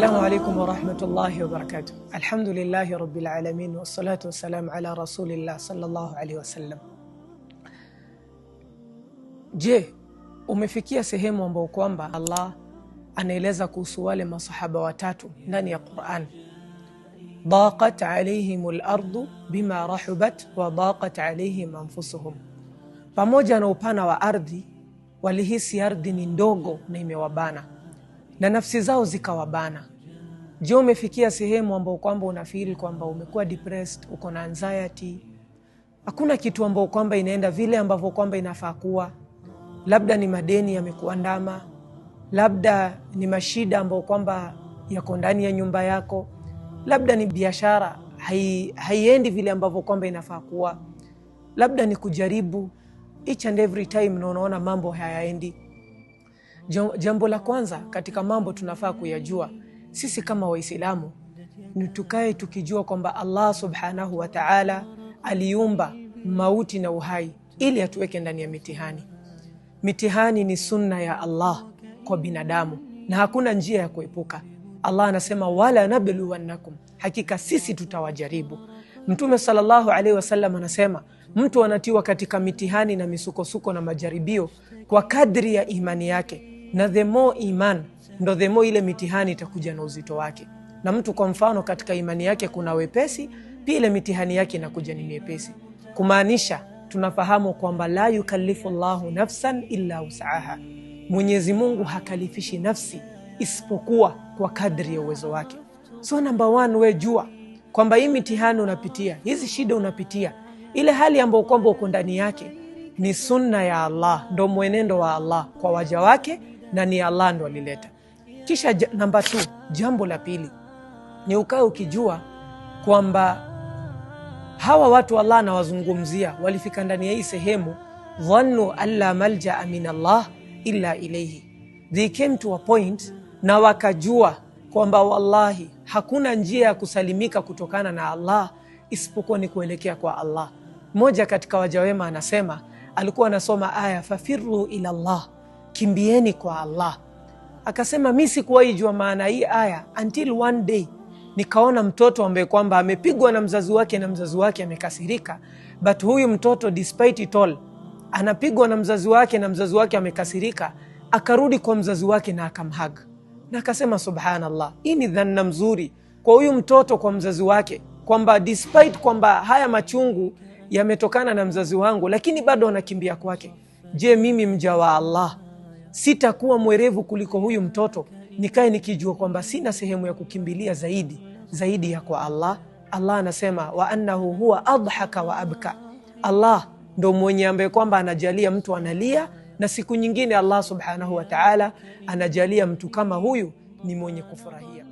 Assalamu alaikum warahmatullahi wabarakatuh. Alhamdulillahi rabbil alamin wassalatu wassalamu ala rasulillah sallallahu alaihi wasallam. Je, umefikia sehemu ambayo kwamba Allah anaeleza kuhusu wale masahaba watatu ndani ya Qur'an? Daqat alaihimul ardu bima rahubat wa daqat alaihim anfusuhum, pamoja na upana wa ardhi walihisi ardhi ni ndogo na imewabana na nafsi zao zikawabana. Je, umefikia sehemu ambao kwamba unafiri kwamba umekuwa depressed, uko na anxiety, hakuna kitu ambao kwamba inaenda vile ambavyo kwamba inafaa kuwa? Labda ni madeni yamekuandama, labda ni mashida ambao kwamba yako ndani ya nyumba yako, labda ni biashara hai, haiendi vile ambavyo kwamba inafaa kuwa, labda ni kujaribu each and every time na unaona mambo hayaendi. Jambo la kwanza katika mambo tunafaa kuyajua sisi kama Waislamu ni tukae tukijua kwamba Allah subhanahu wa ta'ala aliumba mauti na uhai ili atuweke ndani ya mitihani. Mitihani ni sunna ya Allah kwa binadamu na hakuna njia ya kuepuka. Allah anasema wala nabluwannakum, hakika sisi tutawajaribu. Mtume sallallahu alaihi wasallam anasema mtu anatiwa katika mitihani na misukosuko na majaribio kwa kadri ya imani yake na the more iman ndo the more ile mitihani itakuja na uzito wake. Na mtu kwa mfano katika imani yake kuna wepesi, pia ile mitihani yake inakuja ni miepesi. Kumaanisha tunafahamu kwamba la yukallifu llahu nafsan illa wusaha, Mwenyezi Mungu hakalifishi nafsi isipokuwa kwa kadri ya uwezo wake. So namba one, we jua kwamba hii mitihani unapitia, hizi shida unapitia, ile hali ambayo kwamba uko ndani yake ni sunna ya Allah, ndo mwenendo wa Allah kwa waja wake na ni Allah ndo alileta. Kisha namba tu, jambo la pili ni ukae ukijua kwamba hawa watu Allah anawazungumzia walifika ndani ya hii sehemu, dhannu alla maljaa min Allah illa ilayhi, they came to a point, na wakajua kwamba wallahi hakuna njia ya kusalimika kutokana na Allah isipokuwa ni kuelekea kwa Allah. Mmoja katika waja wema anasema, alikuwa anasoma aya fafirru ila Allah kimbieni kwa Allah. Akasema mi sikuwahi jua maana hii aya until one day nikaona mtoto ambaye kwamba amepigwa na mzazi wake na mzazi wake amekasirika, but huyu mtoto despite it all anapigwa na mzazi wake na mzazi wake amekasirika, akarudi kwa mzazi wake na akamhaga, na akasema subhanallah, hii ni dhanna mzuri kwa huyu mtoto kwa mzazi wake kwamba despite kwamba haya machungu yametokana na mzazi wangu, lakini bado anakimbia kwake. Je, mimi mja wa Allah sitakuwa mwerevu kuliko huyu mtoto, nikae nikijua kwamba sina sehemu ya kukimbilia zaidi zaidi ya kwa Allah. Allah anasema wa annahu huwa adhaka wa abka, Allah ndo mwenye ambaye kwamba anajalia mtu analia, na siku nyingine Allah subhanahu wataala anajalia mtu kama huyu ni mwenye kufurahia.